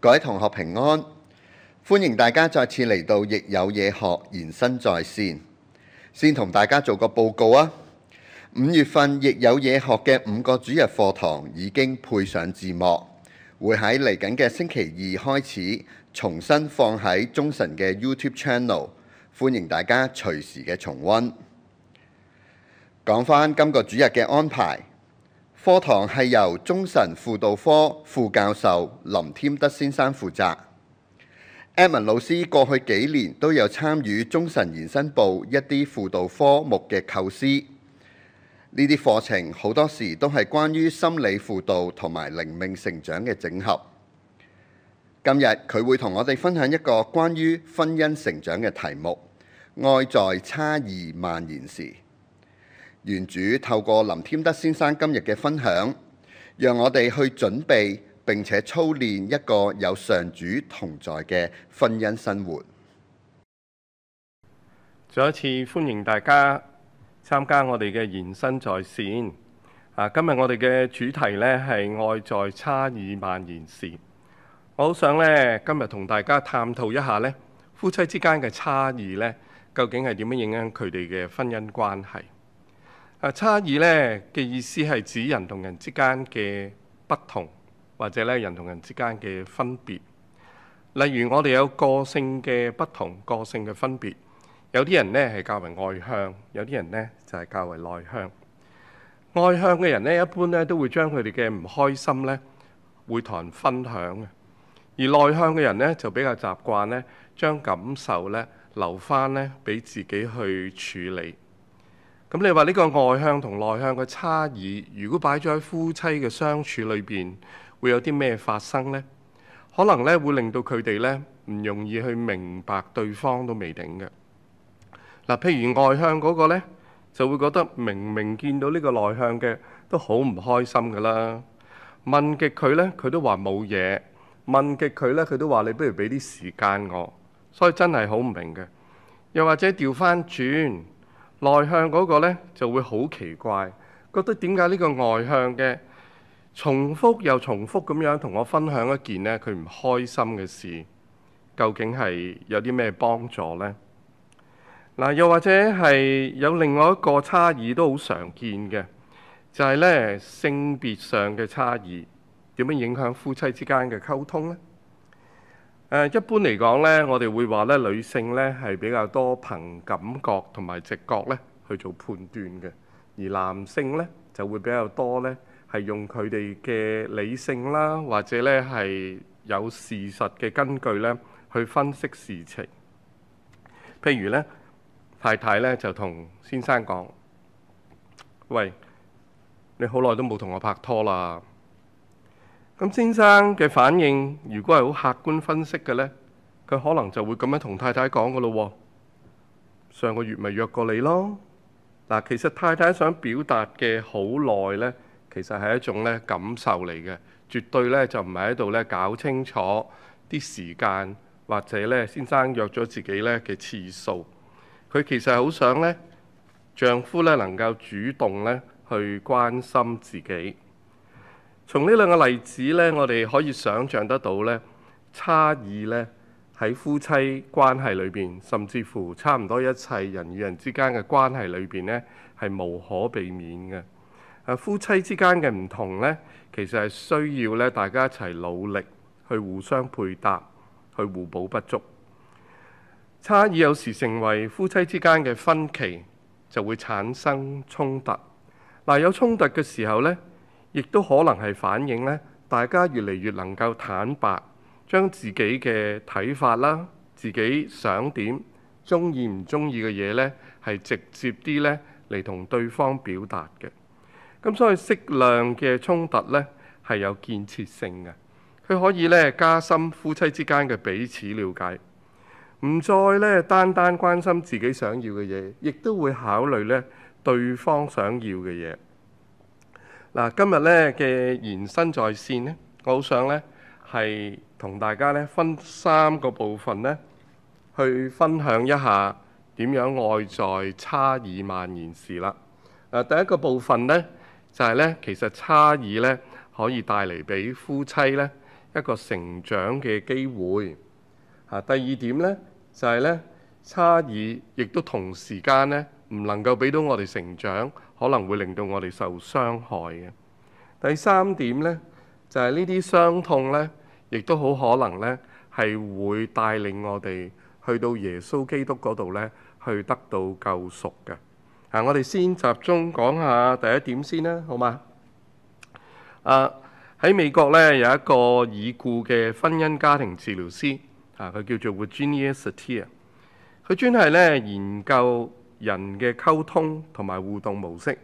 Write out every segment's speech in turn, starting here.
各位同學平安，歡迎大家再次嚟到《疫有嘢學》延伸在線。先同大家做個報告啊！五月份《疫有嘢學》嘅五個主日課堂已經配上字幕，會喺嚟緊嘅星期二開始重新放喺中神嘅 YouTube Channel，歡迎大家隨時嘅重温。講返今個主日嘅安排。課堂係由中神輔導科副教授林添德先生負責。Edmond 老師過去幾年都有參與中神延伸部一啲輔導科目嘅構思，呢啲課程好多時都係關於心理輔導同埋靈命成長嘅整合。今日佢會同我哋分享一個關於婚姻成長嘅題目：愛在差異蔓延時。願主透過林添德先生今日嘅分享，讓我哋去準備並且操練一個有上主同在嘅婚姻生活。再一次歡迎大家參加我哋嘅延伸在線啊！今日我哋嘅主題呢係愛在差異蔓延時。我好想呢，今日同大家探討一下呢，夫妻之間嘅差異呢，究竟係點樣影響佢哋嘅婚姻關係？差異咧嘅意思係指人同人之間嘅不同，或者咧人同人之間嘅分別。例如我哋有個性嘅不同，個性嘅分別。有啲人咧係較為外向，有啲人咧就係較為內向。外向嘅人咧，一般咧都會將佢哋嘅唔開心咧會同人分享嘅，而內向嘅人咧就比較習慣咧將感受咧留返咧俾自己去處理。咁、嗯、你話呢個外向同內向嘅差異，如果擺咗喺夫妻嘅相處裏邊，會有啲咩發生呢？可能咧會令到佢哋咧唔容易去明白對方都未定嘅。嗱、啊，譬如外向嗰個咧，就會覺得明明見到呢個內向嘅都好唔開心噶啦。問極佢咧，佢都話冇嘢；問極佢咧，佢都話你不如俾啲時間我。所以真係好唔明嘅。又或者調翻轉。內向嗰個呢就會好奇怪，覺得點解呢個外向嘅重複又重複咁樣同我分享一件呢，佢唔開心嘅事，究竟係有啲咩幫助呢？嗱，又或者係有另外一個差異都好常見嘅，就係呢，性別上嘅差異點樣影響夫妻之間嘅溝通呢？誒、uh, 一般嚟講咧，我哋會話咧女性咧係比較多憑感覺同埋直覺咧去做判斷嘅，而男性咧就會比較多咧係用佢哋嘅理性啦，或者咧係有事實嘅根據咧去分析事情。譬如咧太太咧就同先生講：「喂，你好耐都冇同我拍拖啦。咁先生嘅反應，如果係好客觀分析嘅呢，佢可能就會咁樣同太太講㗎咯。上個月咪約過你咯？嗱，其實太太想表達嘅好耐呢，其實係一種呢感受嚟嘅，絕對呢，就唔係喺度呢搞清楚啲時間或者呢先生約咗自己呢嘅次數。佢其實好想呢，丈夫呢能夠主動呢去關心自己。從呢兩個例子咧，我哋可以想像得到咧，差異咧喺夫妻關係裏邊，甚至乎差唔多一切人與人之間嘅關係裏邊咧，係無可避免嘅。啊，夫妻之間嘅唔同咧，其實係需要咧大家一齊努力去互相配搭，去互補不足。差異有時成為夫妻之間嘅分歧，就會產生衝突。嗱，啊，有衝突嘅時候咧。亦都可能係反映咧，大家越嚟越能夠坦白，將自己嘅睇法啦、自己想點、中意唔中意嘅嘢咧，係直接啲咧嚟同對方表達嘅。咁所以適量嘅衝突咧係有建設性嘅，佢可以咧加深夫妻之間嘅彼此了解，唔再咧單單關心自己想要嘅嘢，亦都會考慮咧對方想要嘅嘢。嗱，今日咧嘅延伸在線咧，我好想咧係同大家咧分三個部分咧去分享一下點樣愛在差異蔓延時啦。第一個部分咧就係咧，其實差異咧可以帶嚟俾夫妻咧一個成長嘅機會。第二點咧就係咧，差異亦都同時間咧唔能夠俾到我哋成長。可能會令到我哋受傷害嘅。第三點呢，就係呢啲傷痛呢，亦都好可能呢，係會帶領我哋去到耶穌基督嗰度呢，去得到救贖嘅。啊，我哋先集中講下第一點先啦，好嘛？啊，喺美國呢，有一個已故嘅婚姻家庭治療師啊，佢叫做 Virginia Satir，佢專係呢研究人嘅溝通同埋互動模式，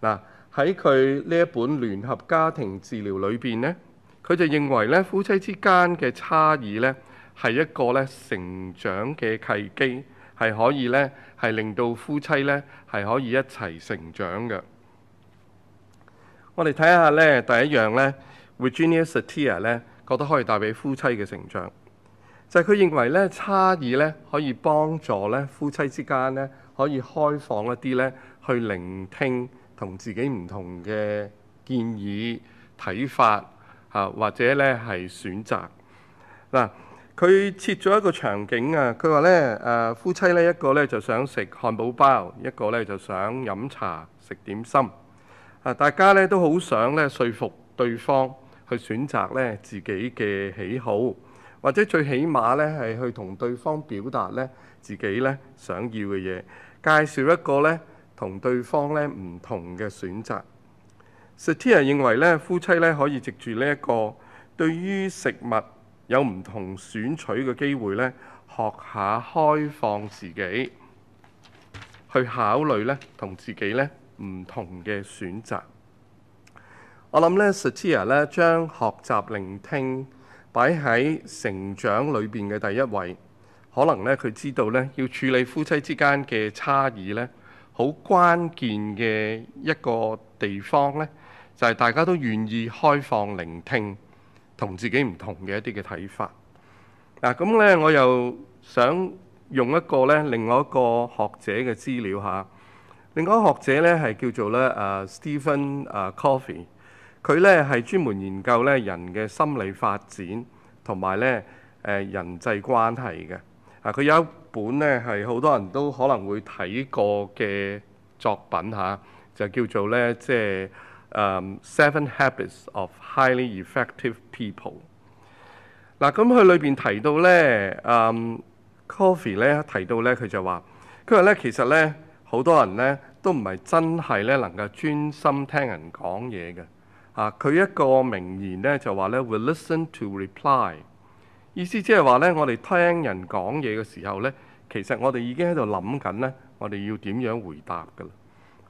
嗱喺佢呢一本聯合家庭治療裏邊咧，佢就認為咧夫妻之間嘅差異咧係一個咧成長嘅契機，係可以咧係令到夫妻咧係可以一齊成長嘅。我哋睇下咧第一樣咧，Virginia Satir 咧覺得可以帶俾夫妻嘅成長。就係佢認為咧，差異咧可以幫助咧夫妻之間咧可以開放一啲咧，去聆聽同自己唔同嘅建議睇法嚇，或者咧係選擇嗱。佢設咗一個場景啊，佢話咧誒夫妻咧一個咧就想食漢堡包，一個咧就想飲茶食點心啊。大家咧都好想咧說服對方去選擇咧自己嘅喜好。或者最起碼咧，係去同對方表達咧自己咧想要嘅嘢，介紹一個咧同對方咧唔同嘅選擇。Sutia 認為咧，夫妻咧可以藉住呢一個對於食物有唔同選取嘅機會咧，學下開放自己，去考慮咧同自己咧唔同嘅選擇。我諗咧，Sutia 咧將學習聆聽。擺喺成長裏邊嘅第一位，可能咧佢知道咧要處理夫妻之間嘅差異咧，好關鍵嘅一個地方咧，就係、是、大家都願意開放聆聽同自己唔同嘅一啲嘅睇法。嗱、啊，咁咧我又想用一個咧另外一個學者嘅資料吓，另外一個學者咧係、啊、叫做咧啊、uh, Stephen、uh, Coffee。佢咧係專門研究咧人嘅心理發展同埋咧誒人際關係嘅啊。佢有一本咧係好多人都可能會睇過嘅作品嚇、啊，就叫做咧即係、um,《Seven Habits of Highly Effective People》。嗱、啊，咁佢裏邊提到咧，Covey 咧提到咧，佢就話，佢話咧其實咧，好多人咧都唔係真係咧能夠專心聽人講嘢嘅。佢、啊、一個名言咧，就話咧 we listen to reply，意思即係話咧，我哋聽人講嘢嘅時候咧，其實我哋已經喺度諗緊咧，我哋要點樣回答噶啦。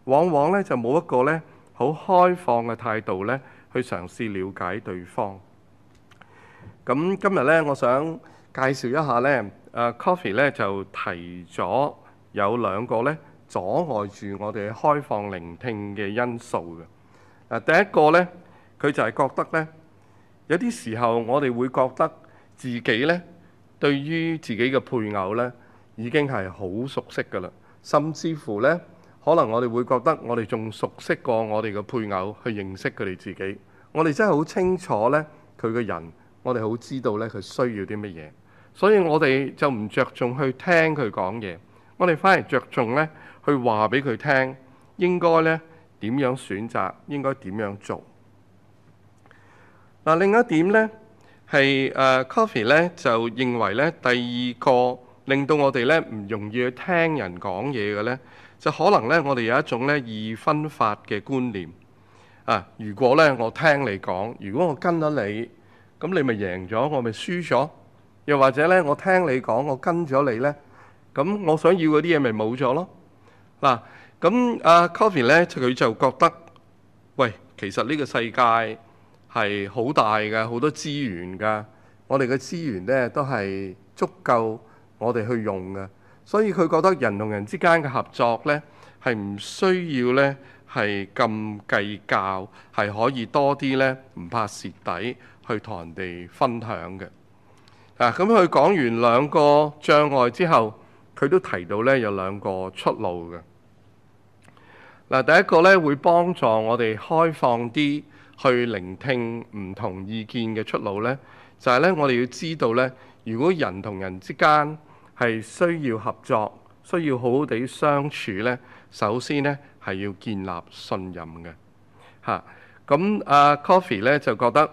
往往咧就冇一個咧好開放嘅態度咧，去嘗試了解對方。咁今日咧，我想介紹一下咧、啊、Coffee 咧就提咗有兩個咧阻礙住我哋開放聆聽嘅因素嘅。第一個呢，佢就係覺得呢，有啲時候我哋會覺得自己呢，對於自己嘅配偶呢已經係好熟悉㗎喇，甚至乎呢，可能我哋會覺得我哋仲熟悉過我哋嘅配偶去認識佢哋自己。我哋真係好清楚呢，佢嘅人，我哋好知道呢，佢需要啲乜嘢，所以我哋就唔着重去聽佢講嘢，我哋反而着重呢去話俾佢聽，應該呢，點樣選擇應該點樣做？嗱，另一點咧係誒 Coffee 咧就認為咧，第二個令到我哋咧唔容易去聽人講嘢嘅咧，就可能咧我哋有一種咧二分法嘅觀念啊。如果咧我聽你講，如果我跟咗你，咁你咪贏咗，我咪輸咗；又或者咧我聽你講，我跟咗你咧，咁我想要嗰啲嘢咪冇咗咯？嗱。咁阿 Covian 咧，佢就覺得，喂，其實呢個世界係好大嘅，好多資源㗎，我哋嘅資源咧都係足夠我哋去用嘅，所以佢覺得人同人之間嘅合作咧係唔需要咧係咁計較，係可以多啲咧唔怕蝕底去同人哋分享嘅。啊，咁佢講完兩個障礙之後，佢都提到咧有兩個出路嘅。嗱，第一個咧會幫助我哋開放啲去聆聽唔同意見嘅出路咧，就係咧我哋要知道咧，如果人同人之間係需要合作、需要好好地相處咧，首先咧係要建立信任嘅㗎。咁啊，啊，Coffee 咧就覺得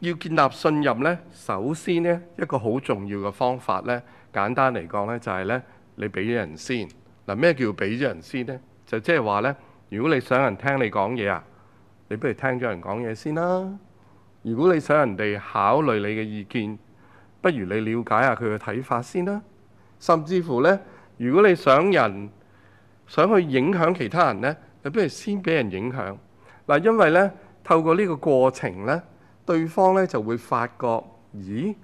要建立信任咧，首先咧一個好重要嘅方法咧，簡單嚟講咧就係咧你俾咗人先嗱，咩叫俾咗人先呢？就是呢就即係話呢，如果你想人聽你講嘢啊，你不如聽咗人講嘢先啦。如果你想人哋考慮你嘅意見，不如你了解下佢嘅睇法先啦。甚至乎呢，如果你想人想去影響其他人呢，你不如先俾人影響嗱，因為呢，透過呢個過程呢，對方呢就會發覺，咦，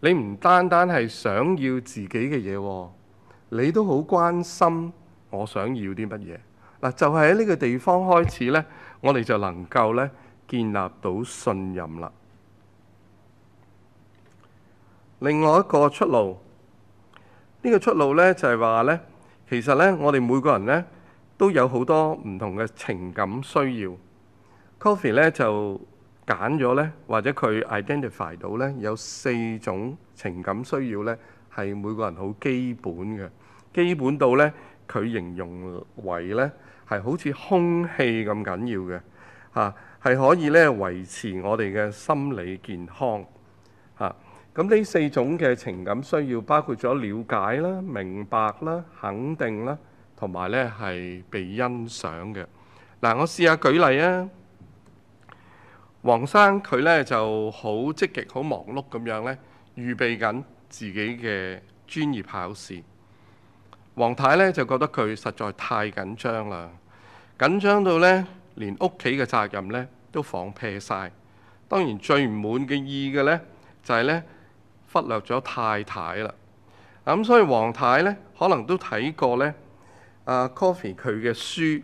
你唔單單係想要自己嘅嘢，你都好關心。我想要啲乜嘢嗱？就係喺呢個地方開始咧，我哋就能夠咧建立到信任啦。另外一個出路，呢個出路咧，就係話咧，其實咧，我哋每個人咧都有好多唔同嘅情感需要。Coffee 咧就揀咗咧，或者佢 identify 到咧有四種情感需要咧，係每個人好基本嘅，基本到咧。佢形容為咧，係好似空氣咁緊要嘅，嚇係可以咧維持我哋嘅心理健康，嚇咁呢四種嘅情感需要包括咗了，了解啦、明白啦、肯定啦，同埋咧係被欣賞嘅。嗱、啊，我試下舉例啊，黃生佢咧就好積極、好忙碌咁樣咧，預備緊自己嘅專業考試。黃太咧就覺得佢實在太緊張啦，緊張到咧連屋企嘅責任咧都放撇晒。當然最唔滿嘅意嘅咧就係、是、咧忽略咗太太啦。啊、嗯、咁，所以黃太咧可能都睇過咧阿、啊、coffee 佢嘅書。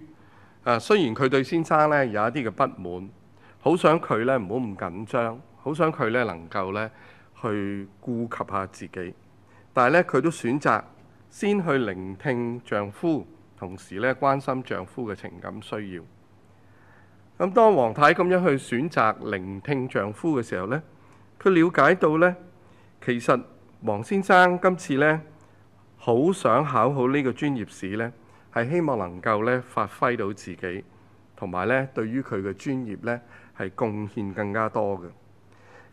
啊，雖然佢對先生咧有一啲嘅不滿，好想佢咧唔好咁緊張，好想佢咧能夠咧去顧及下自己。但係咧佢都選擇，先去聆聽丈夫，同時咧關心丈夫嘅情感需要。咁當黃太咁樣去選擇聆聽丈夫嘅時候咧，佢瞭解到咧，其實黃先生今次咧好想考好呢個專業試咧，係希望能夠咧發揮到自己，同埋咧對於佢嘅專業咧係貢獻更加多嘅。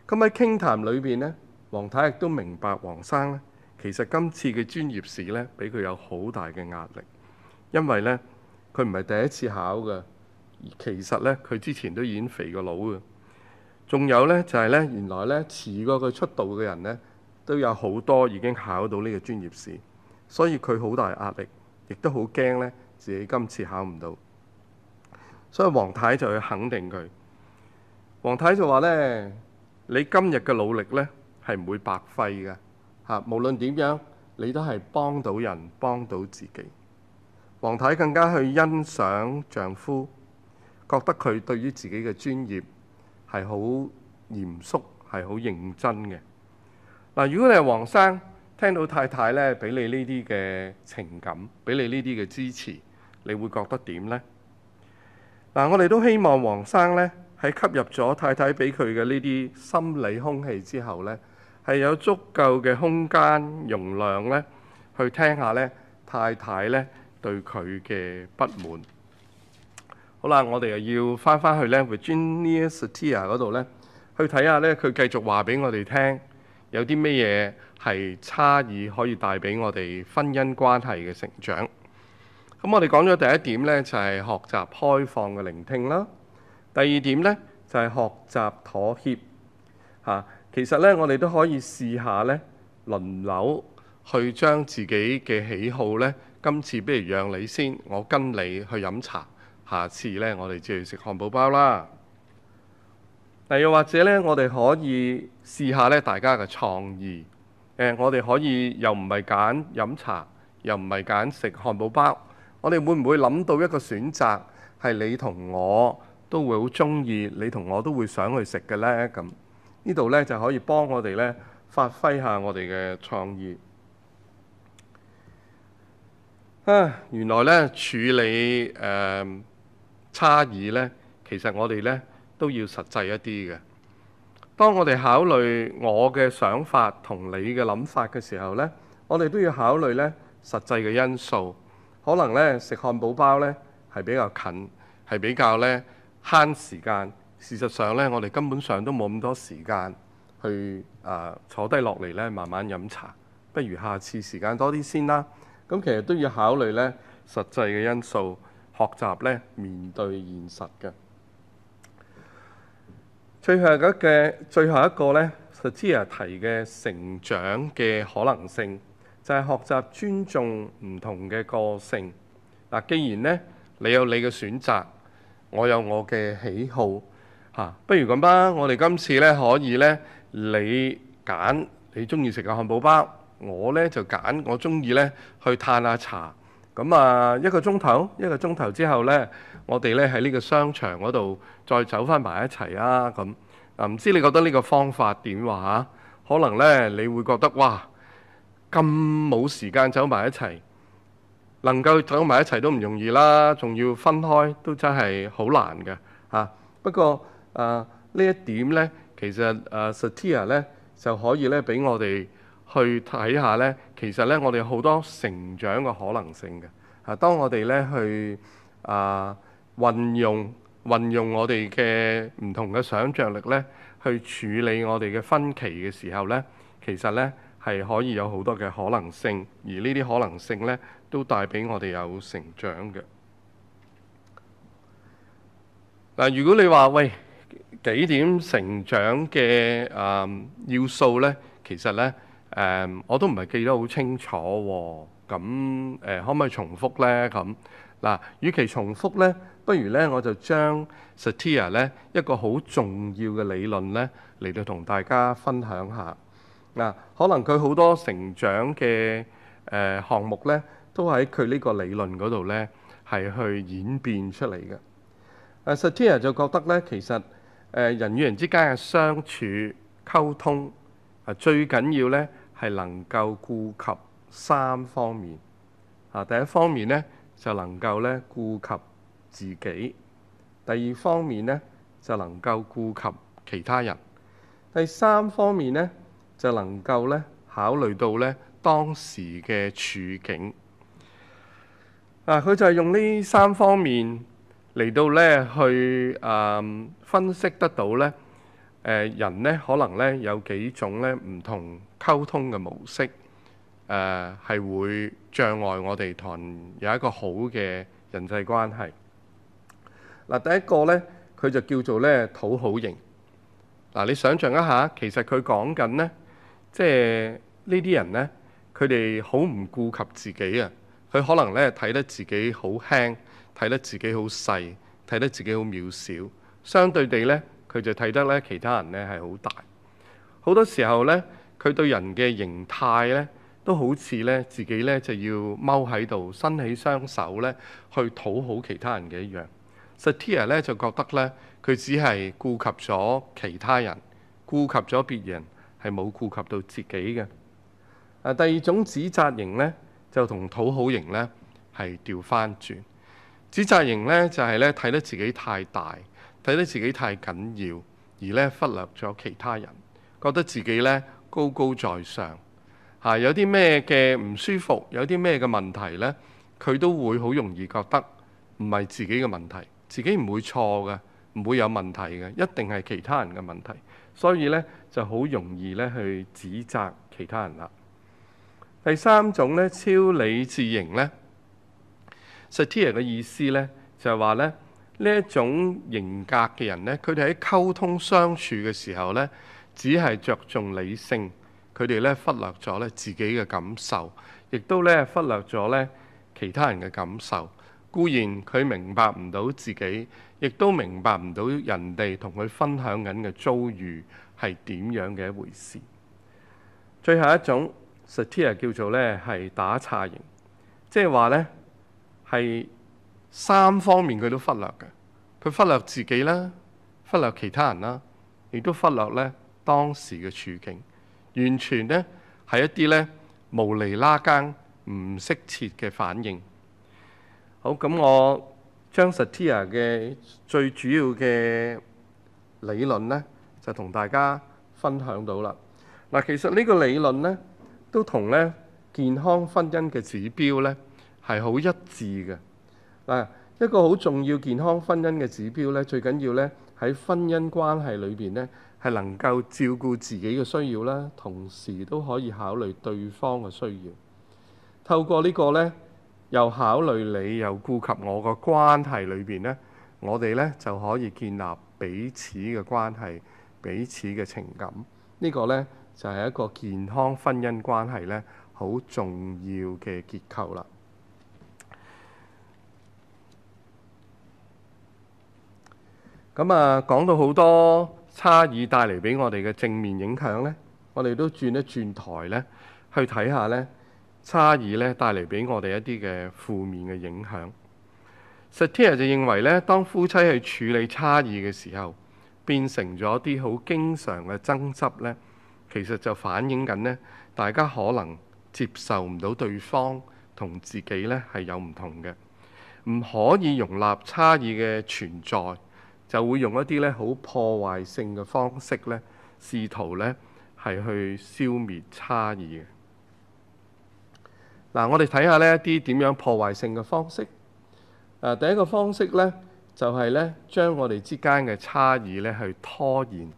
咁喺傾談裏邊咧，黃太亦都明白黃生咧。其實今次嘅專業試咧，俾佢有好大嘅壓力，因為咧佢唔係第一次考嘅，其實咧佢之前都已經肥過腦㗎，仲有咧就係咧原來咧遲過佢出道嘅人咧都有好多已經考到呢個專業試，所以佢好大壓力，亦都好驚咧自己今次考唔到，所以黃太就去肯定佢，黃太就話咧你今日嘅努力咧係唔會白費㗎。嚇！無論點樣，你都係幫到人，幫到自己。黃太更加去欣賞丈夫，覺得佢對於自己嘅專業係好嚴肅，係好認真嘅。嗱，如果你係黃生，聽到太太咧俾你呢啲嘅情感，俾你呢啲嘅支持，你會覺得點呢？嗱，我哋都希望黃生咧喺吸入咗太太俾佢嘅呢啲心理空氣之後咧。係有足夠嘅空間容量咧，去聽下咧太太咧對佢嘅不滿。好啦，我哋又要翻翻去咧 Virginia Satir 嗰度咧，去睇下咧佢繼續話俾我哋聽有啲咩嘢係差異可以帶俾我哋婚姻關係嘅成長。咁我哋講咗第一點咧就係、是、學習開放嘅聆聽啦，第二點咧就係、是、學習妥協嚇。啊其實咧，我哋都可以試下咧，輪流去將自己嘅喜好咧，今次不如讓你先，我跟你去飲茶。下次咧，我哋就去食漢堡包啦。又或者咧，我哋可以試下咧，大家嘅創意。誒、呃，我哋可以又唔係揀飲茶，又唔係揀食漢堡包。我哋會唔會諗到一個選擇，係你同我都會好中意，你同我都會想去食嘅呢？咁。呢度咧就可以幫我哋咧發揮下我哋嘅創意。啊，原來咧處理誒、呃、差異咧，其實我哋咧都要實際一啲嘅。當我哋考慮我嘅想法同你嘅諗法嘅時候咧，我哋都要考慮咧實際嘅因素。可能咧食漢堡包咧係比較近，係比較咧慳時間。事實上咧，我哋根本上都冇咁多時間去啊、呃、坐低落嚟咧，慢慢飲茶。不如下次時間多啲先啦。咁、嗯、其實都要考慮咧實際嘅因素，學習咧面對現實嘅。最後嘅最後一個咧，就之前提嘅成長嘅可能性，就係、是、學習尊重唔同嘅個性。嗱、啊，既然咧你有你嘅選擇，我有我嘅喜好。啊、不如咁吧，我哋今次咧可以咧，你揀你中意食嘅漢堡包，我咧就揀我中意咧去嘆下茶。咁啊，一個鐘頭，一個鐘頭之後咧，我哋咧喺呢個商場嗰度再走返埋一齊啊！咁啊，唔知你覺得呢個方法點話、啊、可能咧，你會覺得哇，咁冇時間走埋一齊，能夠走埋一齊都唔容易啦，仲要分開都真係好難嘅嚇、啊。不過，啊！呢、uh, 一點呢，其實啊、uh, Satir 咧就可以咧，俾我哋去睇下。呢其實呢，我哋好多成長嘅可能性嘅。啊，當我哋呢去啊運、uh, 用運用我哋嘅唔同嘅想像力呢去處理我哋嘅分歧嘅時候呢，其實呢係可以有好多嘅可能性，而呢啲可能性呢，都帶俾我哋有成長嘅。嗱，如果你話喂，幾點成長嘅誒要素咧？其實咧誒，我都唔係記得好清楚喎。咁誒，可唔可以重複咧？咁嗱，與其重複咧，不如咧我就將 Satir 咧一個好重要嘅理論咧嚟到同大家分享下嗱。可能佢好多成長嘅誒項目咧，都喺佢呢個理論嗰度咧係去演變出嚟嘅。誒，Satir 就覺得咧，其實。誒人與人之間嘅相處溝通啊，最緊要咧係能夠顧及三方面啊。第一方面咧，就能夠咧顧及自己；第二方面咧，就能夠顧及其他人；第三方面咧，就能夠咧考慮到咧當時嘅處境。啊，佢就係用呢三方面。嚟到咧，去誒、嗯、分析得到咧，誒、呃、人咧可能咧有幾種咧唔同溝通嘅模式，誒、呃、係會障礙我哋同有一個好嘅人際關係。嗱、呃，第一個咧，佢就叫做咧討好型。嗱、呃，你想象一下，其實佢講緊咧，即係呢啲人咧，佢哋好唔顧及自己啊。佢可能咧睇得自己好輕，睇得自己好細，睇得自己好渺小。相對地咧，佢就睇得咧其他人咧係好大。好多時候咧，佢對人嘅形態咧都好似咧自己咧就要踎喺度，伸起雙手咧去討好其他人嘅一樣。Satir 咧就覺得咧，佢只係顧及咗其他人，顧及咗別人係冇顧及到自己嘅。啊，第二種指責型咧。就同討好型呢係調翻轉，指責型呢就係呢睇得自己太大，睇得自己太緊要，而呢忽略咗其他人，覺得自己呢高高在上嚇，有啲咩嘅唔舒服，有啲咩嘅問題呢佢都會好容易覺得唔係自己嘅問題，自己唔會錯嘅，唔會有問題嘅，一定係其他人嘅問題，所以呢就好容易呢去指責其他人啦。第三種咧，超理智型咧 Satir 嘅意思咧，就係話咧，呢一種型格嘅人咧，佢哋喺溝通相處嘅時候咧，只係着重理性，佢哋咧忽略咗咧自己嘅感受，亦都咧忽略咗咧其他人嘅感受。固然佢明白唔到自己，亦都明白唔到人哋同佢分享緊嘅遭遇係點樣嘅一回事。最後一種。Satir 叫做咧係打岔型，即係話咧係三方面佢都忽略嘅。佢忽略自己啦，忽略其他人啦，亦都忽略咧當時嘅處境，完全咧係一啲咧無厘拉更唔適切嘅反應。好，咁，我將 Satir 嘅最主要嘅理論咧就同大家分享到啦。嗱，其實呢個理論咧。都同咧健康婚姻嘅指標咧係好一致嘅。嗱，一個好重要健康婚姻嘅指標咧，最緊要咧喺婚姻關係裏邊咧係能夠照顧自己嘅需要啦，同時都可以考慮對方嘅需要。透過呢個咧，又考慮你又顧及我個關係裏邊咧，我哋咧就可以建立彼此嘅關係、彼此嘅情感。呢個咧。就係一個健康婚姻關係咧，好重要嘅結構啦。咁啊，講到好多差異帶嚟俾我哋嘅正面影響咧，我哋都轉一轉台咧，去睇下咧差異咧帶嚟俾我哋一啲嘅負面嘅影響。Sutia 就認為咧，當夫妻去處理差異嘅時候，變成咗啲好經常嘅爭執咧。其實就反映緊呢，大家可能接受唔到對方同自己呢係有唔同嘅，唔可以容納差異嘅存在，就會用一啲呢好破壞性嘅方式呢試圖呢係去消滅差異嘅嗱。我哋睇下呢一啲點樣破壞性嘅方式。第一個方式呢，就係、是、呢將我哋之間嘅差異呢去拖延、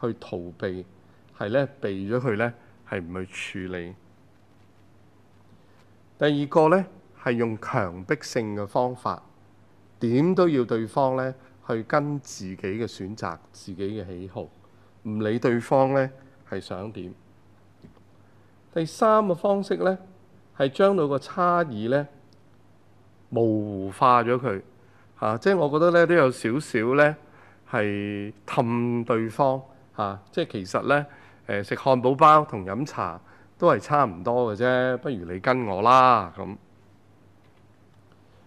去逃避。係咧避咗佢咧，係唔去處理。第二個咧係用強迫性嘅方法，點都要對方咧去跟自己嘅選擇、自己嘅喜好，唔理對方咧係想點。第三個方式咧係將到個差異咧模糊化咗佢，嚇、啊，即係我覺得咧都有少少咧係氹對方，嚇、啊，即係其實咧。誒食漢堡包同飲茶都係差唔多嘅啫，不如你跟我啦咁。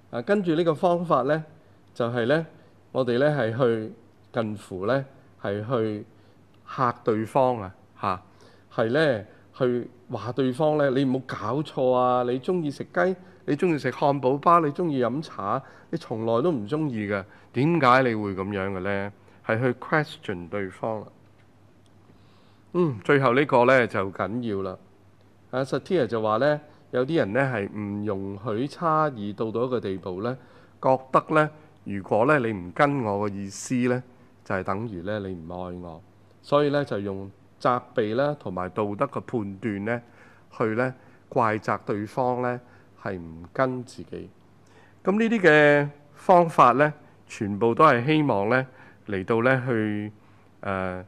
啊，跟住呢個方法咧，就係咧，我哋咧係去近乎咧係去嚇對方啊，嚇係咧去話對方咧，你唔好搞錯啊！你中意食雞，你中意食漢堡包，你中意飲茶，你從來都唔中意嘅，點解你會咁樣嘅咧？係去 question 對方啊。嗯，最後呢個呢就緊要啦。阿 Satir 就話呢，有啲人呢係唔容許差異到到一個地步呢覺得呢，如果呢你唔跟我嘅意思呢，就係等於呢你唔愛我，所以呢，就用責備啦同埋道德嘅判斷呢去呢怪責對方呢係唔跟自己。咁呢啲嘅方法呢，全部都係希望呢嚟到呢去誒，呃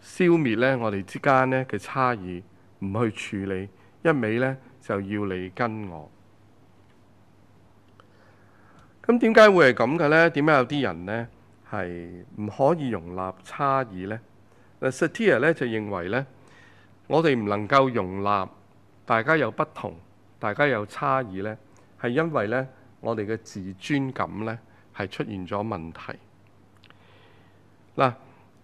消滅咧，我哋之間呢嘅差異，唔去處理，一味咧就要你跟我。咁點解會係咁嘅呢？點解有啲人呢係唔可以容納差異呢？誒，Satir 咧就認為呢，我哋唔能夠容納大家有不同、大家有差異呢，係因為呢，我哋嘅自尊感呢係出現咗問題。嗱。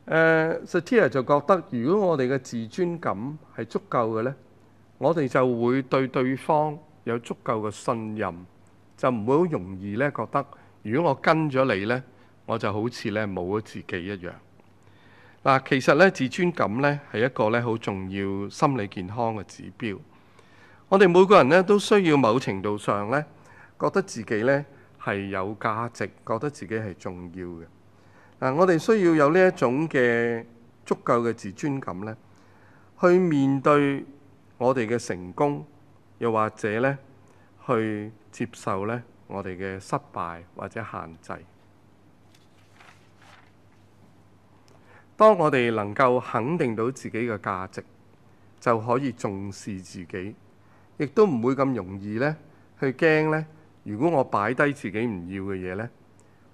誒，Satir、uh, 就覺得，如果我哋嘅自尊感係足夠嘅呢，我哋就會對對方有足夠嘅信任，就唔會好容易咧覺得，如果我跟咗你呢，我就好似咧冇咗自己一樣。嗱，其實咧自尊感呢係一個咧好重要心理健康嘅指標。我哋每個人咧都需要某程度上咧，覺得自己咧係有價值，覺得自己係重要嘅。嗱，我哋需要有呢一種嘅足夠嘅自尊感咧，去面對我哋嘅成功，又或者咧去接受咧我哋嘅失敗或者限制。當我哋能夠肯定到自己嘅價值，就可以重視自己，亦都唔會咁容易咧去驚咧。如果我擺低自己唔要嘅嘢咧，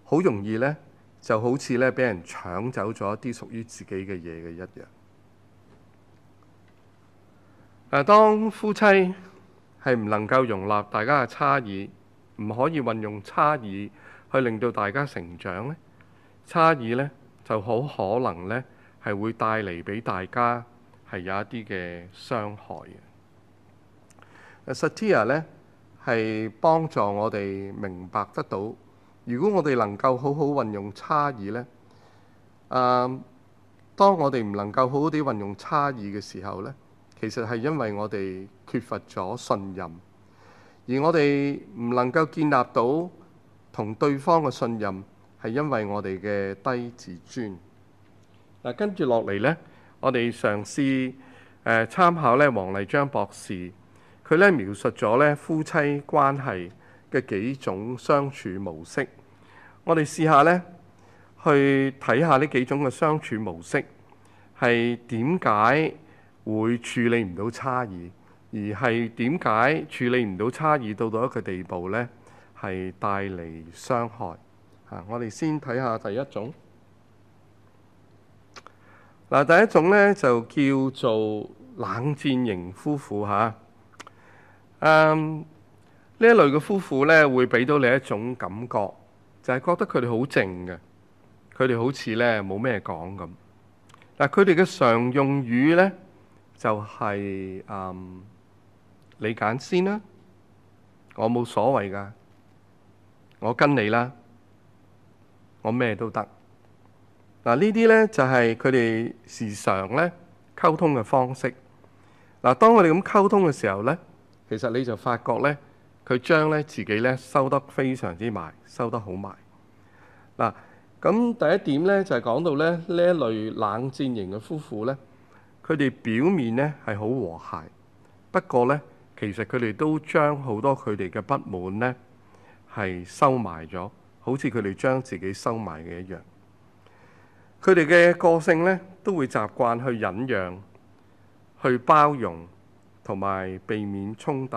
好容易咧。就好似咧，俾人搶走咗一啲屬於自己嘅嘢嘅一樣。誒，當夫妻係唔能夠容納大家嘅差異，唔可以運用差異去令到大家成長咧，差異咧就好可能咧係會帶嚟俾大家係有一啲嘅傷害嘅。誒，Satia 咧係幫助我哋明白得到。如果我哋能夠好好運用差異呢，啊，當我哋唔能夠好好地運用差異嘅時候呢，其實係因為我哋缺乏咗信任，而我哋唔能夠建立到同對方嘅信任，係因為我哋嘅低自尊。嗱，跟住落嚟呢，我哋嘗試誒參考咧黃麗章博士，佢咧描述咗咧夫妻關係嘅幾種相處模式，我哋試下呢，去睇下呢幾種嘅相處模式係點解會處理唔到差異，而係點解處理唔到差異到到一個地步呢？係帶嚟傷害。嚇，我哋先睇下第一種。嗱，第一種呢，就叫做冷戰型夫婦嚇。嗯呢一類嘅夫婦咧，會俾到你一種感覺，就係覺得佢哋好靜嘅，佢哋好似咧冇咩講咁嗱。佢哋嘅常用語咧就係誒，你揀先啦，我冇所謂㗎，我跟你啦，我咩都得嗱。呢啲咧就係佢哋時常咧溝通嘅方式嗱。當我哋咁溝通嘅時候咧，其實你就發覺咧。佢將咧自己咧收得非常之埋，收得好埋嗱。咁第一點咧就係講到咧呢一類冷戰型嘅夫婦咧，佢哋表面咧係好和諧，不過咧其實佢哋都將好多佢哋嘅不滿咧係收埋咗，好似佢哋將自己收埋嘅一樣。佢哋嘅個性咧都會習慣去忍讓、去包容同埋避免衝突。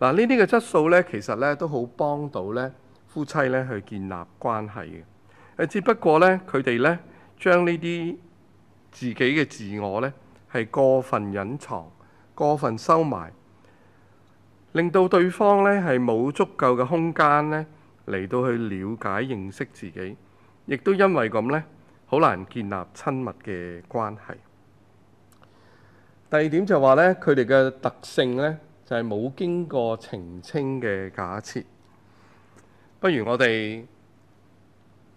嗱，呢啲嘅質素咧，其實咧都好幫到咧夫妻咧去建立關係嘅。誒，只不過咧，佢哋咧將呢啲自己嘅自我咧係過分隱藏、過分收埋，令到對方咧係冇足夠嘅空間咧嚟到去了解認識自己，亦都因為咁咧，好難建立親密嘅關係。第二點就話咧，佢哋嘅特性咧。就係冇經過澄清嘅假設，不如我哋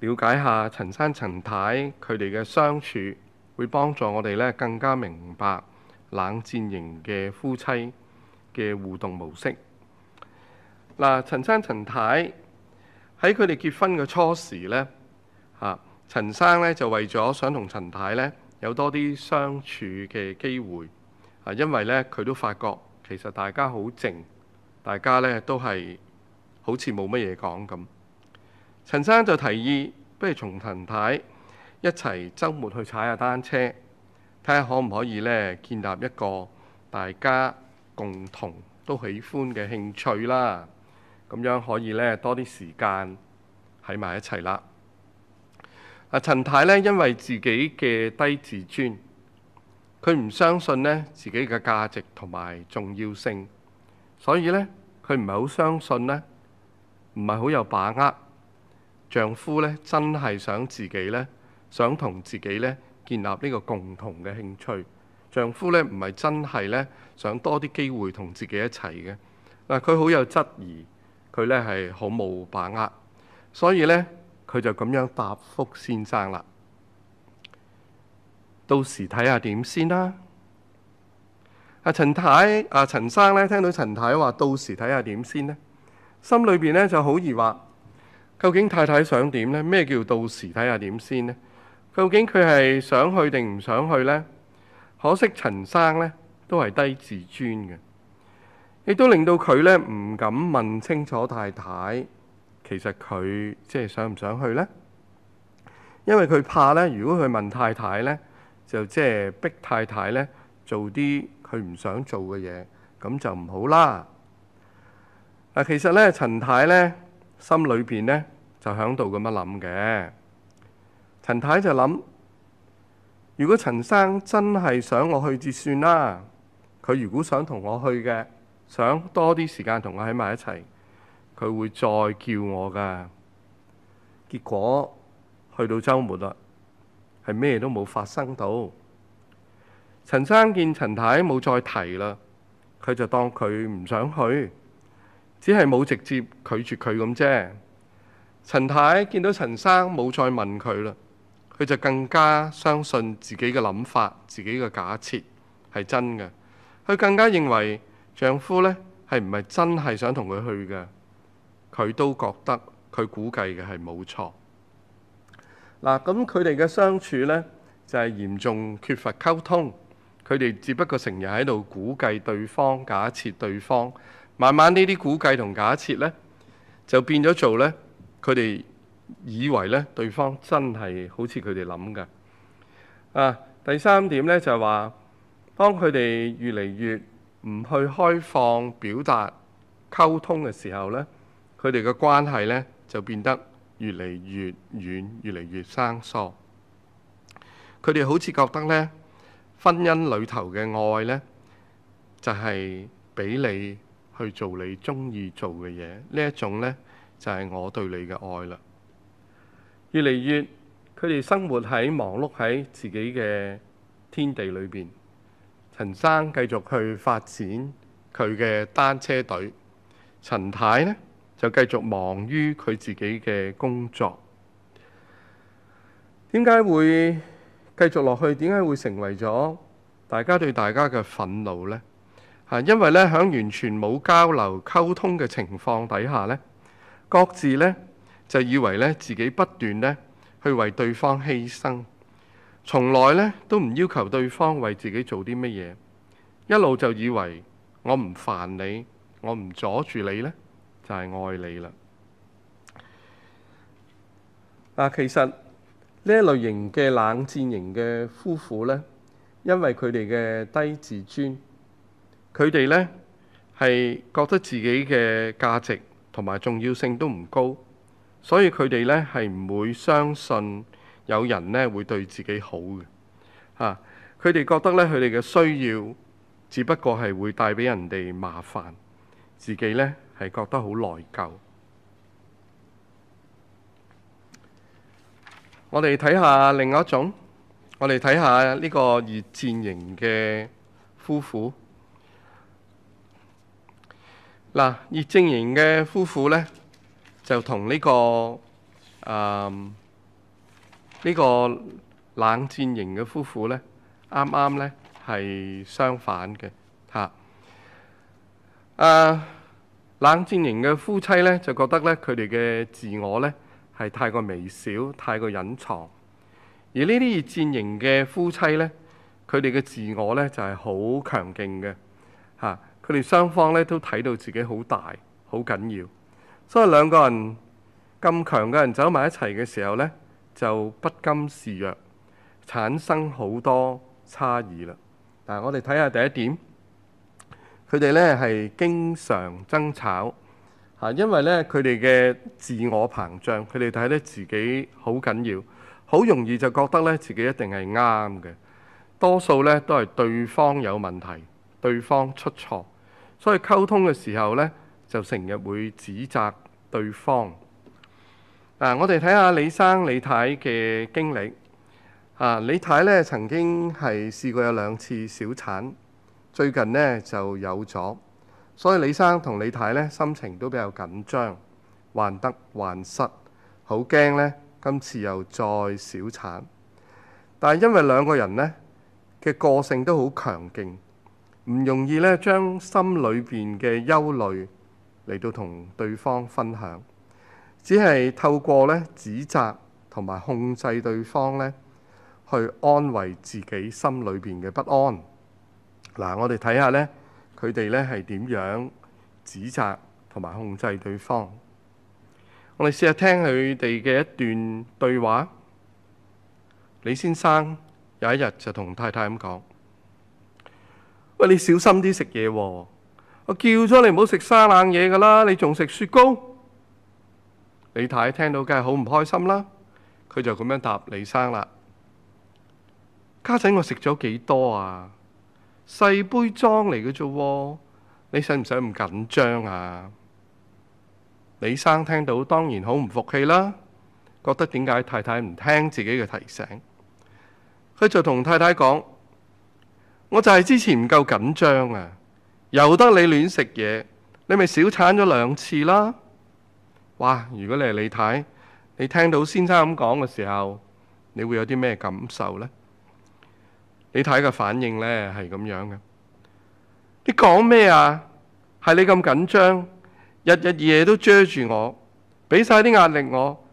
了解下陳生陳太佢哋嘅相處，會幫助我哋咧更加明白冷戰型嘅夫妻嘅互動模式。嗱、啊，陳生陳太喺佢哋結婚嘅初時咧，嚇、啊、陳生咧就為咗想同陳太咧有多啲相處嘅機會，啊，因為咧佢都發覺。其實大家好靜，大家咧都係好似冇乜嘢講咁。陳生就提議，不如從陳太一齊週末去踩下單車，睇下可唔可以咧建立一個大家共同都喜歡嘅興趣啦。咁樣可以咧多啲時間喺埋一齊啦。啊，陳太咧因為自己嘅低自尊。佢唔相信呢自己嘅價值同埋重要性，所以呢，佢唔係好相信呢，唔係好有把握。丈夫呢真係想自己呢，想同自己呢建立呢個共同嘅興趣。丈夫呢唔係真係呢想多啲機會同自己一齊嘅。嗱，佢好有質疑，佢呢係好冇把握，所以呢，佢就咁樣答覆先生啦。到時睇下點先啦。阿陳太，阿陳生咧，聽到陳太話到時睇下點先咧，心裏邊咧就好疑惑，究竟太太想點咧？咩叫到時睇下點先咧？究竟佢係想去定唔想去咧？可惜陳生咧都係低自尊嘅，亦都令到佢咧唔敢問清楚太太。其實佢即係想唔想去咧，因為佢怕咧，如果佢問太太咧。就即係逼太太呢做啲佢唔想做嘅嘢，咁就唔好啦。嗱，其實呢，陳太呢，心裏邊呢，就喺度咁樣諗嘅。陳太就諗：如果陳生真係想我去就算啦，啊，佢如果想同我去嘅，想多啲時間同我喺埋一齊，佢會再叫我㗎。結果去到周末啦。係咩都冇發生到。陳生見陳太冇再提啦，佢就當佢唔想去，只係冇直接拒絕佢咁啫。陳太見到陳生冇再問佢啦，佢就更加相信自己嘅諗法，自己嘅假設係真嘅。佢更加認為丈夫呢係唔係真係想同佢去嘅，佢都覺得佢估計嘅係冇錯。嗱，咁佢哋嘅相處呢，就係嚴重缺乏溝通。佢哋只不過成日喺度估計對方、假設對方，慢慢呢啲估計同假設呢，就變咗做呢，佢哋以為呢對方真係好似佢哋諗嘅。啊，第三點呢，就係話，當佢哋越嚟越唔去開放表達溝通嘅時候呢，佢哋嘅關係呢就變得，越嚟越遠，越嚟越生疏。佢哋好似覺得呢，婚姻裏頭嘅愛呢，就係俾你去做你鍾意做嘅嘢。呢一種呢，就係我對你嘅愛啦。越嚟越，佢哋生活喺忙碌喺自己嘅天地裏邊。陳生繼續去發展佢嘅單車隊。陳太呢，就繼續忙於佢自己嘅工作，點解會繼續落去？點解會成為咗大家對大家嘅憤怒呢？嚇，因為呢，喺完全冇交流溝通嘅情況底下呢，各自呢就以為呢自己不斷呢去為對方犧牲，從來呢都唔要求對方為自己做啲乜嘢，一路就以為我唔煩你，我唔阻住你呢，就係愛你啦啊！其實呢一類型嘅冷戰型嘅夫婦呢，因為佢哋嘅低自尊，佢哋呢係覺得自己嘅價值同埋重要性都唔高，所以佢哋呢係唔會相信有人呢會對自己好嘅。佢哋覺得呢，佢哋嘅需要只不過係會帶俾人哋麻煩，自己呢。係覺得好內疚。我哋睇下另一種，我哋睇下呢個熱戰型嘅夫婦。嗱，熱戰型嘅夫婦咧，就同呢個誒呢個冷戰型嘅夫婦咧，啱啱咧係相反嘅嚇。誒。冷戰型嘅夫妻咧，就覺得咧佢哋嘅自我咧係太過微小、太過隱藏；而呢啲熱戰型嘅夫妻咧，佢哋嘅自我咧就係、是、好強勁嘅。嚇、啊，佢哋雙方咧都睇到自己好大、好緊要，所以兩個人咁強嘅人走埋一齊嘅時候咧，就不甘示弱，產生好多差異啦。嗱、啊，我哋睇下第一點。佢哋咧係經常爭吵嚇，因為咧佢哋嘅自我膨脹，佢哋睇咧自己好緊要，好容易就覺得咧自己一定係啱嘅。多數咧都係對方有問題，對方出錯，所以溝通嘅時候咧就成日會指責對方。啊，我哋睇下李生李太嘅經歷嚇，李太咧、啊、曾經係試過有兩次小產。最近呢就有咗，所以李生同李太呢心情都比較緊張，患得患失，好驚呢今次又再小產。但係因為兩個人呢嘅個性都好強勁，唔容易呢將心裏邊嘅憂慮嚟到同對方分享，只係透過呢指責同埋控制對方呢去安慰自己心裏邊嘅不安。嗱，我哋睇下咧，佢哋咧係點樣指責同埋控制對方。我哋試下聽佢哋嘅一段對話。李先生有一日就同太太咁講：喂，你小心啲食嘢喎！我叫咗你唔好食生冷嘢噶啦，你仲食雪糕？李太聽到梗係好唔開心啦，佢就咁樣答李生啦：家陣我食咗幾多啊？細杯裝嚟嘅啫喎，你使唔使咁緊張啊？李生聽到當然好唔服氣啦，覺得點解太太唔聽自己嘅提醒？佢就同太太講：「我就係之前唔夠緊張啊，由得你亂食嘢，你咪小產咗兩次啦。」哇！如果你係李太，你聽到先生咁講嘅時候，你會有啲咩感受呢？你睇個反應咧係咁樣嘅。你講咩啊？係你咁緊張，日日夜夜都遮住我，俾晒啲壓力我，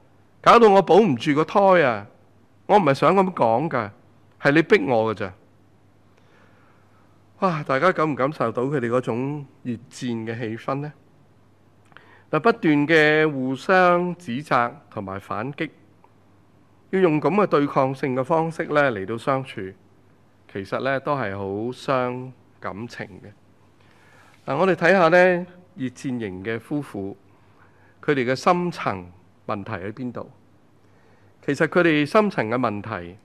搞到我保唔住個胎啊！我唔係想咁講㗎，係你逼我㗎咋。哇！大家感唔感受到佢哋嗰種熱戰嘅氣氛呢？嗱，不斷嘅互相指責同埋反擊，要用咁嘅對抗性嘅方式咧嚟到相處。其實咧都係好傷感情嘅。嗱，我哋睇下呢熱戰型嘅夫婦，佢哋嘅深層問題喺邊度？其實佢哋深層嘅問題、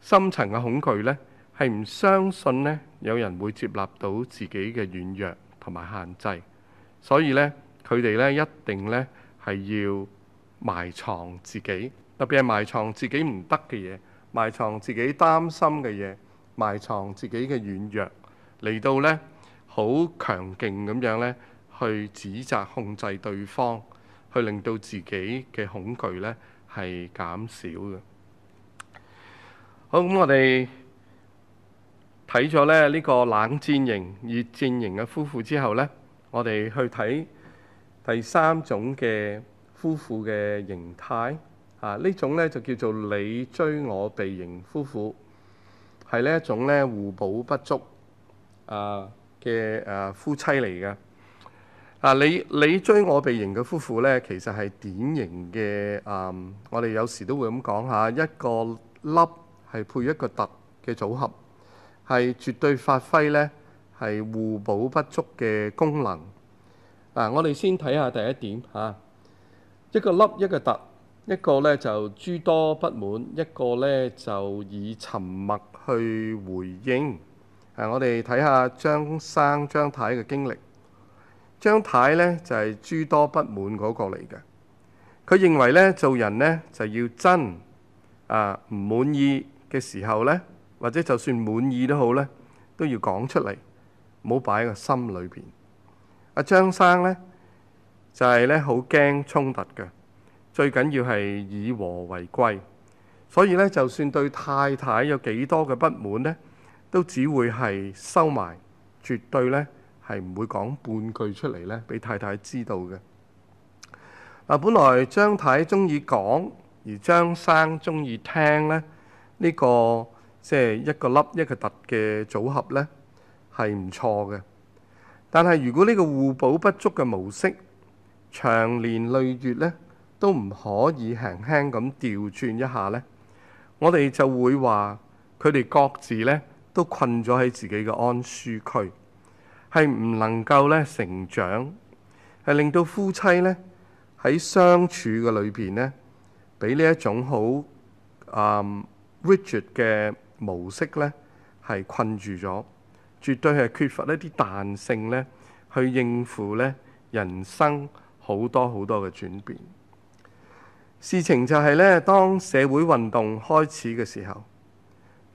深層嘅恐懼呢，係唔相信咧有人會接納到自己嘅軟弱同埋限制，所以呢，佢哋咧一定咧係要埋藏自己，特別係埋藏自己唔得嘅嘢。埋藏自己擔心嘅嘢，埋藏自己嘅軟弱，嚟到呢好強勁咁樣呢，去指責、控制對方，去令到自己嘅恐懼呢係減少嘅。好，咁，我哋睇咗呢呢個冷戰型、熱戰型嘅夫婦之後呢，我哋去睇第三種嘅夫婦嘅形態。啊！種呢種咧就叫做你追我避型夫婦，係呢一種咧互補不足啊嘅誒、啊、夫妻嚟嘅啊。你你追我避型嘅夫婦咧，其實係典型嘅誒、嗯。我哋有時都會咁講下，一個凹係配一個凸嘅組合，係絕對發揮咧係互補不足嘅功能啊。我哋先睇下第一點嚇、啊，一個凹一個凸。一個咧就諸多不滿，一個咧就以沉默去回應。誒，我哋睇下張生、張太嘅經歷。張太咧就係諸多不滿嗰個嚟嘅。佢認為咧做人咧就要真。啊，唔滿意嘅時候咧，或者就算滿意都好咧，都要講出嚟，唔好擺喺個心裏邊。阿張生咧就係咧好驚衝突嘅。最緊要係以和為貴，所以咧，就算對太太有幾多嘅不滿咧，都只會係收埋，絕對咧係唔會講半句出嚟咧，俾太太知道嘅。嗱，本來張太鍾意講，而張生鍾意聽咧，呢個即係一個凹一個凸嘅組合咧，係唔錯嘅。但係如果呢個互補不足嘅模式長年累月咧，都唔可以輕輕咁調轉一下呢。我哋就會話佢哋各自呢都困咗喺自己嘅安舒區，係唔能夠呢成長，係令到夫妻呢喺相處嘅裏邊呢，俾呢一種好誒、um, rigid 嘅模式呢，係困住咗，絕對係缺乏一啲彈性呢，去應付呢人生好多好多嘅轉變。事情就係咧，當社會運動開始嘅時候，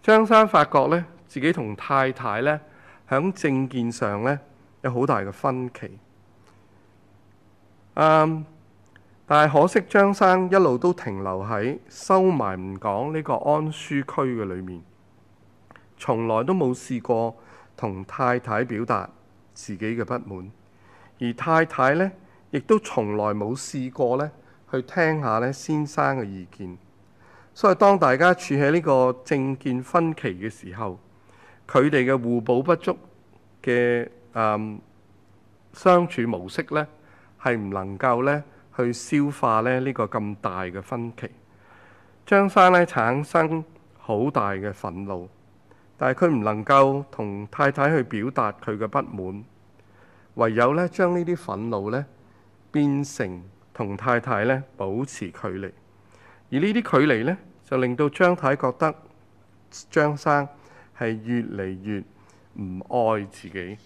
張生發覺咧自己同太太咧喺政見上咧有好大嘅分歧。嗯，但係可惜張生一路都停留喺收埋唔講呢個安舒區嘅裏面，從來都冇試過同太太表達自己嘅不滿，而太太咧亦都從來冇試過咧。去聽下咧先生嘅意見，所以當大家處喺呢個政見分歧嘅時候，佢哋嘅互補不足嘅誒、嗯、相處模式咧，係唔能夠咧去消化咧呢個咁大嘅分歧。張生咧產生好大嘅憤怒，但係佢唔能夠同太太去表達佢嘅不滿，唯有咧將呢啲憤怒咧變成。同太太咧保持距離，而呢啲距離咧就令到張太覺得張生係越嚟越唔愛自己。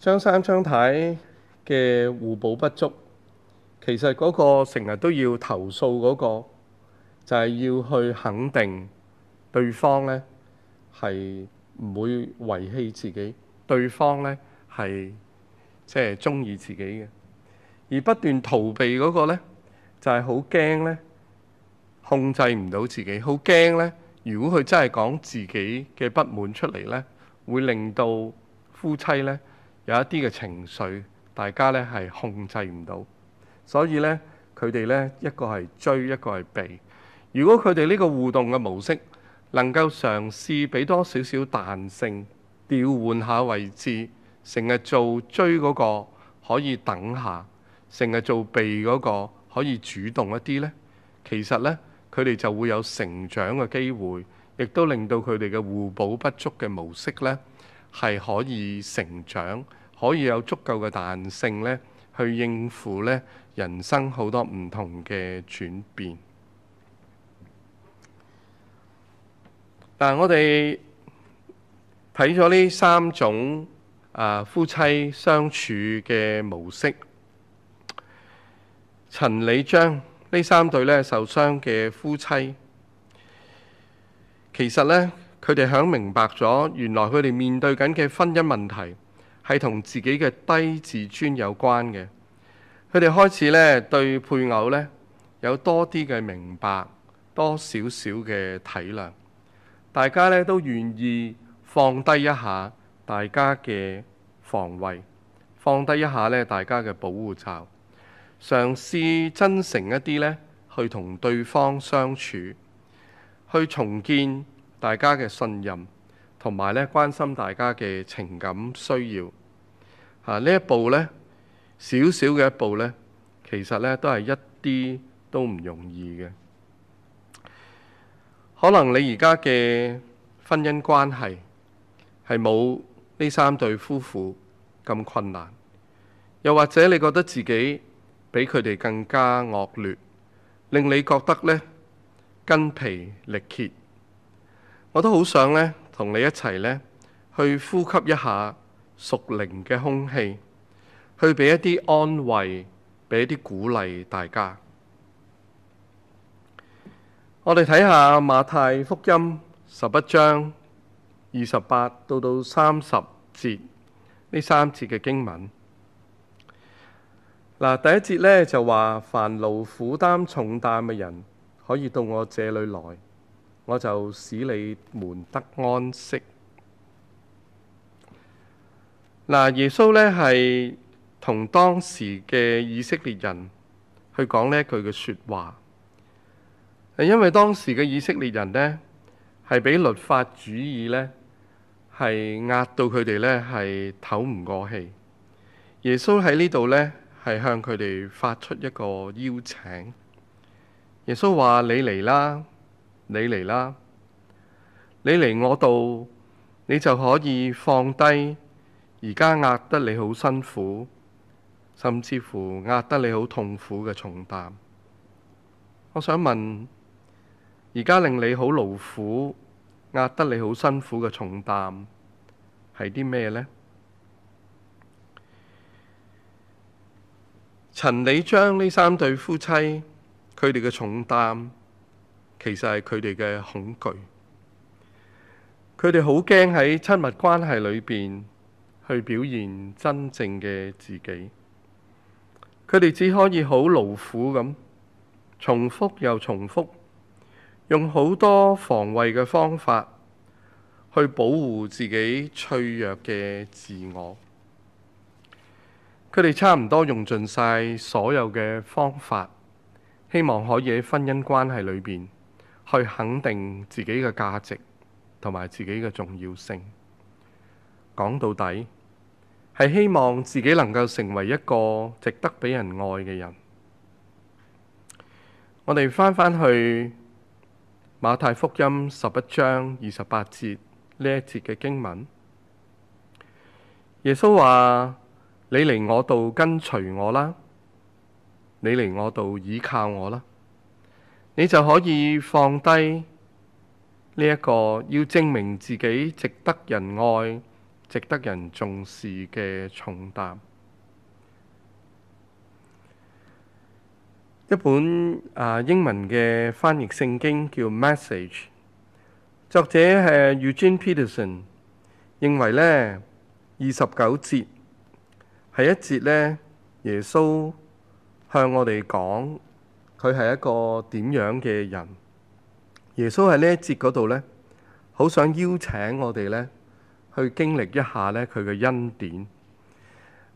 張生張太嘅互補不足，其實嗰個成日都要投訴嗰個，就係要去肯定對方咧係，唔會遺棄自己，對方呢係即係中意自己嘅，而不斷逃避嗰個呢就係好驚呢，控制唔到自己，好驚呢，如果佢真係講自己嘅不滿出嚟呢，會令到夫妻呢有一啲嘅情緒，大家呢係控制唔到，所以呢，佢哋呢一個係追，一個係避。如果佢哋呢個互動嘅模式，能夠嘗試俾多少少彈性，調換下位置，成日做追嗰個可以等下，成日做避嗰個可以主動一啲呢。其實呢，佢哋就會有成長嘅機會，亦都令到佢哋嘅互補不足嘅模式呢，係可以成長，可以有足夠嘅彈性呢，去應付呢人生好多唔同嘅轉變。但我哋睇咗呢三種啊夫妻相處嘅模式，陳李張呢三對咧受傷嘅夫妻，其實咧佢哋響明白咗，原來佢哋面對緊嘅婚姻問題係同自己嘅低自尊有關嘅。佢哋開始咧對配偶咧有多啲嘅明白，多少少嘅體諒。大家咧都願意放低一下大家嘅防衞，放低一下咧大家嘅保護罩，嘗試真誠一啲咧去同對方相處，去重建大家嘅信任，同埋咧關心大家嘅情感需要。啊，呢一步咧，少少嘅一步咧，其實咧都係一啲都唔容易嘅。可能你而家嘅婚姻關係係冇呢三對夫婦咁困難，又或者你覺得自己比佢哋更加惡劣，令你覺得咧筋疲力竭。我都好想咧同你一齊咧去呼吸一下屬靈嘅空氣，去俾一啲安慰，俾一啲鼓勵大家。我哋睇下馬太福音十一章二十八到到三十節呢三節嘅經文。嗱，第一節咧就話：凡勞、負擔、重擔嘅人可以到我這裏來，我就使你們得安息。嗱、嗯，耶穌咧係同當時嘅以色列人去講呢一句嘅說話。因為當時嘅以色列人呢，係俾律法主義呢，係壓到佢哋呢係唞唔過氣。耶穌喺呢度呢，係向佢哋發出一個邀請。耶穌話：你嚟啦，你嚟啦，你嚟我度，你就可以放低而家壓得你好辛苦，甚至乎壓得你好痛苦嘅重擔。我想問。而家令你好勞苦、壓得你好辛苦嘅重擔係啲咩呢？陳李張呢三對夫妻佢哋嘅重擔，其實係佢哋嘅恐懼。佢哋好驚喺親密關係裏邊去表現真正嘅自己。佢哋只可以好勞苦咁重複又重複。用好多防衞嘅方法去保護自己脆弱嘅自我，佢哋差唔多用盡晒所有嘅方法，希望可以喺婚姻關係裏面去肯定自己嘅價值同埋自己嘅重要性。講到底係希望自己能夠成為一個值得俾人愛嘅人。我哋翻返去。馬太福音十一章二十八節呢一節嘅經文，耶穌話：你嚟我度跟隨我啦，你嚟我度倚靠我啦，你就可以放低呢一個要證明自己值得人愛、值得人重視嘅重擔。一本啊英文嘅翻譯聖經叫《Message》，作者係 Eugene Peterson，認為咧二十九節係一節咧耶穌向我哋講，佢係一個點樣嘅人。耶穌喺呢一節嗰度咧，好想邀請我哋咧去經歷一下咧佢嘅恩典。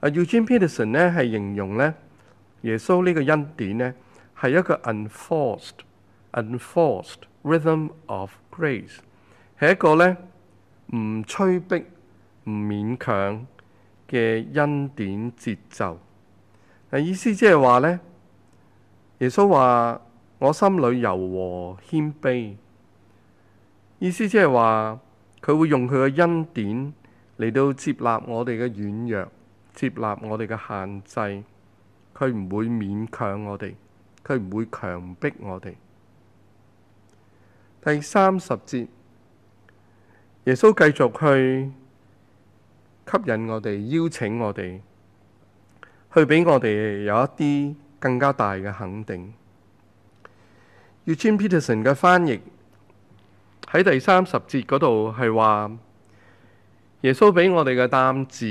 啊，Eugene Peterson 咧係形容咧。耶穌呢個恩典呢，係一個 unforced、unforced rhythm of grace，係一個呢唔催逼、唔勉強嘅恩典節奏。意思即係話呢，耶穌話我心裏柔和謙卑，意思即係話佢會用佢嘅恩典嚟到接納我哋嘅軟弱，接納我哋嘅限制。佢唔會勉強我哋，佢唔會強迫我哋。第三十節，耶穌繼續去吸引我哋，邀請我哋，去畀我哋有一啲更加大嘅肯定。 Eugene Peterson 嘅翻譯喺第三十節嗰度係話：耶穌畀我哋嘅擔子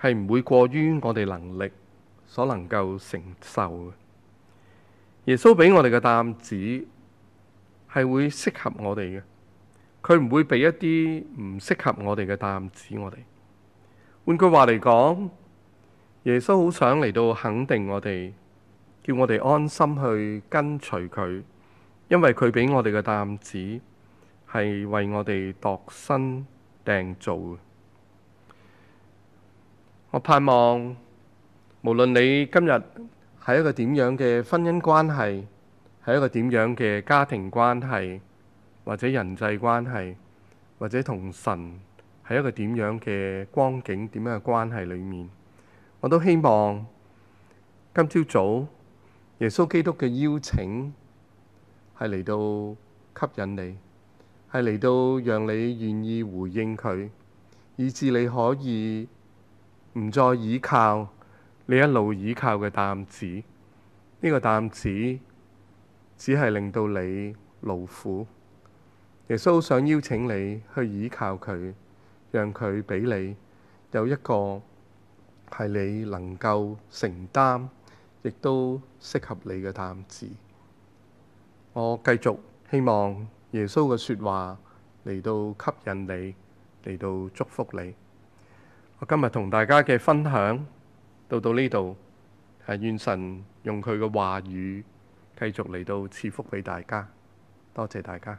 係唔會過於我哋能力。所能夠承受嘅，耶穌俾我哋嘅擔子係會適合我哋嘅，佢唔會俾一啲唔適合我哋嘅擔子我哋。換句話嚟講，耶穌好想嚟到肯定我哋，叫我哋安心去跟隨佢，因為佢俾我哋嘅擔子係為我哋度身訂造嘅。我盼望。無論你今日係一個點樣嘅婚姻關係，係一個點樣嘅家庭關係，或者人際關係，或者同神係一個點樣嘅光景、點樣嘅關係裏面，我都希望今朝早，早耶穌基督嘅邀請係嚟到吸引你，係嚟到讓你願意回應佢，以致你可以唔再倚靠。你一路倚靠嘅擔子，呢個擔子只係令到你勞苦。耶穌想邀請你去倚靠佢，讓佢俾你有一個係你能夠承擔，亦都適合你嘅擔子。我繼續希望耶穌嘅說話嚟到吸引你，嚟到祝福你。我今日同大家嘅分享。到到呢度，係，啊，願神用佢嘅話語繼續嚟到賜福俾大家。多謝大家。